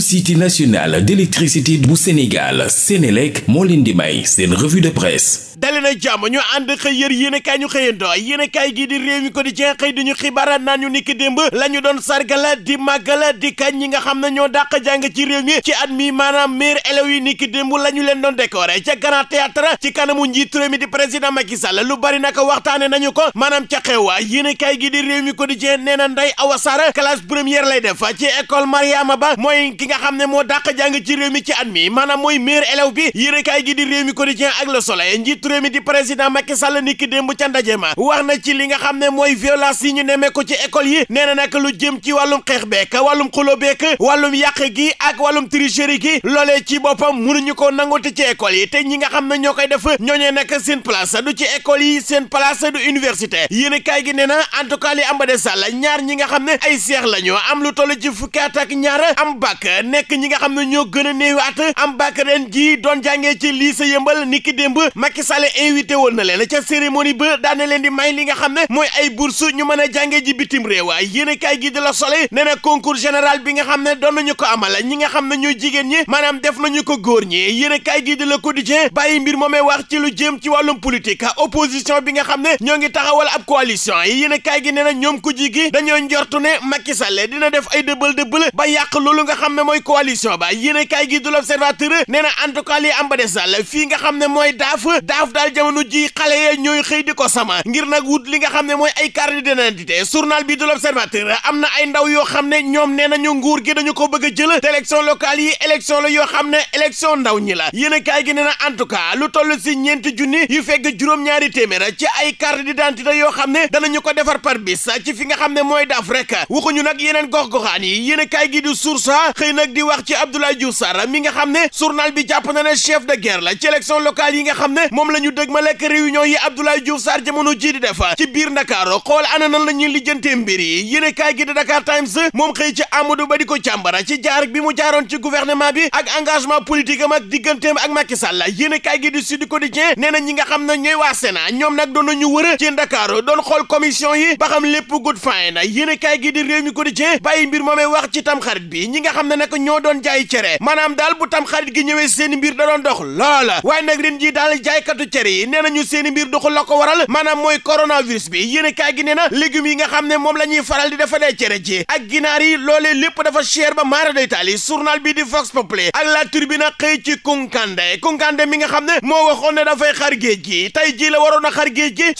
société nationale d'électricité bu Sénégal Sénélec moo leen di may seen revue de presse dali na jàmm ñu ànd xëy yër yéenekaay ñu xëyando yéenekaay gi di réew mi ko di jeex xëy di ñu xibaara naan niki démb la doon sargala di màggala di kañ ñi nga xam ne ñoo dàq jàng ci réew mi ci at mi maanaam maire élèves yi niki démb la ñu leen doon décorer ca Grand Théâtre ci kanamu njiit réew mi di président Macky Sall lu bari naka waxtaane nañu ko maanaam ca xewwa yéenekaay gi di réew mi ko di jeex nee na Ndeye Awa Sarr classe première ki nga xam ne moo dàq jàng ci réew mi ci at mi maanaam mooy meilleur élève bi yéenekaay gi di réew mi quotidien ak le soleil njiitu réew mi di président Macky Sall ni ki démb ca ndaje ma wax na ci li nga xam ne mooy violence yi ñu nemee ko ci école yi nee na nag lu jëm ci wàllum xeex beek wàllum xulo beek wàllum yàq gi ak wàllum tricherie gi loolee ci boppam mënuñu ko nangote ci école yi te ñi nga xam ne ñoo koy def ñoo ñooñee nag seen place du ci école yi seen place du université yéenekaay gi nee na en tout cas li am ba ñaar ñi nga xam ne ay seex lañu am lu toll ci fukki at ak ñaar am nag nekk ñi nga xam ne ñoo gën a néewaat am bac ren jii doon jàngee ci lycée yëmbal niki démb Macky Sall na leen ca cérémonie ba daan leen di may li nga xam ne mooy ay bourse ñu mën a jàngee ji bitim réew yéen a kaay gi de la Soleil nee na concours général bi nga xam ne doon nañu ko amal ñi nga xam ne ñoo jigéen ñi maanaam def nañu ko góor ñi yéen a kaay gi di la Quotidien bàyyi mbir moomee wax ci lu jëm ci wàllum politique opposition bi nga xam ne ñoo ngi taxawal ab coalition yéen a kaay gi nee na ñoom ku ji gi dañoo njortu ne Macky Sall dina def ay dëbal dëbal ba yàq xam ne mooy coalition ba yéene kaay gi du l'observateur nee na en tout cas lii am ba des daal fii nga xam ne mooy daaf daaf daal jamono ji xale ya ñooy xëy di ko sama ngir nag wut li nga xam ne mooy ay carte d'identité journal bi du l'observateur am na ay ndaw yoo xam ne ñoom nee nañu nguur gi dañu ko bëgg a jël te élection locale yi élection la yoo xam ne élection ndaw ñi la yéene kaay gi nee na en tout cas lu toll si ñeenti junni yu fekk juróom-ñaari téeméer ci ay carte d'identité yoo xam ne danañu ko defar par bis fi nga xam ne mooy daaf rek waxuñu nag yeneen gox goxaan yi yéene kaay gi du source ah xëy nag di xam ne journal bi jàpp na ne yi nga xam ne moom la ñu dëg ma lekk réunion yi Abdoulaye Diouf Sarr jamono ji di def ci biir Ndakaaru xool ana nan la mbir yi yéen gi di Dakar Times moom xëy ci Amadou Ba di ko càmbara ci jaar bi mu jaaroon ci gouvernement bi ak engagement politique am ak digganteem ak Macky Sall yéen kaay gi di Sud Quotidien nee ñi nga xam ne ñooy waa Sénat ñoom nag doon nañu wër ci Ndakaaru doon xool commission yi ba xam lépp good fine yéen gi di Rewmi Quotidien bàyyi mbir moomee wax ci tamxarit bi ñi nga xam ne nag ñoo doon jaay cere maanaam daal bu tam xarit gi ñëwee seen mbir da doon dox loola waaye nag ren ji daal jaaykatu cere yi nee nañu seen mbir doxul la ko waral maanaam mooy coronavirus bi yéen kaay gi nee na légumes yi nga xam ne moom la ñuy faral di dafa dee cere ji ak ginaar yi loolee lépp dafa cher ba maara day taali surnal bi di Vox Populi ak La Tribune xëy ci Kunkande Kunkande mi nga xam ne moo waxoon ne dafay xar géej gi tey ji la waroon a xar géej gi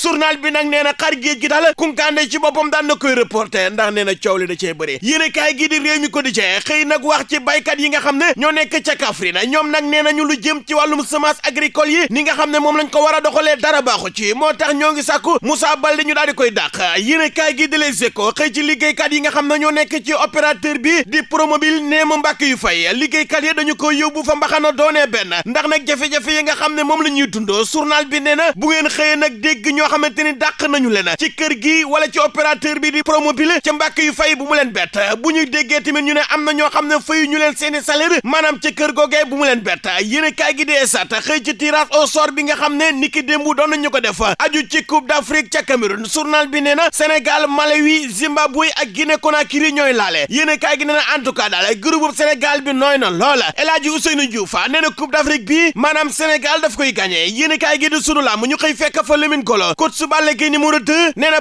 bi nag nee na xar géej gi daal Kunkande ci boppam daan na koy reporter ndax nee na da cee bëri yéen kaay gi di réew mi ko di cee xëy nag nag wax ci baykat yi nga xam ne ñoo nekk ca na ñoom nag nee nañu lu jëm ci wàllum semence agricole yi ni nga xam ne moom lañ ko war a doxalee dara baaxu ci moo tax ñoo ngi sàkku Moussa Baldé ñu daal di koy dàq yéen kaay gi de Les Échos xëy ci liggéeykat yi nga xam ne ñoo nekk ci opérateur bi di Promobile nee ma mbàkk yu fay liggéeykat yi dañu ko yóbbu fa mbaxana doonee benn ndax nag jafe-jafe yi nga xam ne moom la ñuy dundoo journal bi nee na bu ngeen xëyee nag dégg ñoo xamante ni dàq nañu leen ci kër gi wala ci opérateur bi di Promobile ca mbàkk yu fay bu mu leen bett bu ñu déggee tamit ñu ne am na ñoo xam ne ne fayu ñu leen seeni salaire maanaam ci kër googee bu mu leen bett yéen kaay gi dee sat xëy ci tirage au sort bi nga xam ne niki démb doon nañu ko def aju ci coupe d'Afrique ca Cameroun journal bi nee na Sénégal Malawi Zimbabwe ak Guinée Conakry ñooy laale yéen kaay gi nee na en tout cas daal groupe Sénégal bi nooy na loola El Hadji Ousseynou Diouf nee na coupe d'Afrique bi maanaam Sénégal daf koy gagné yéen kaay gi di sunu làmb ñu xëy fekk fa Lamine Golo coach su Balla Gaye numéro 2 nee na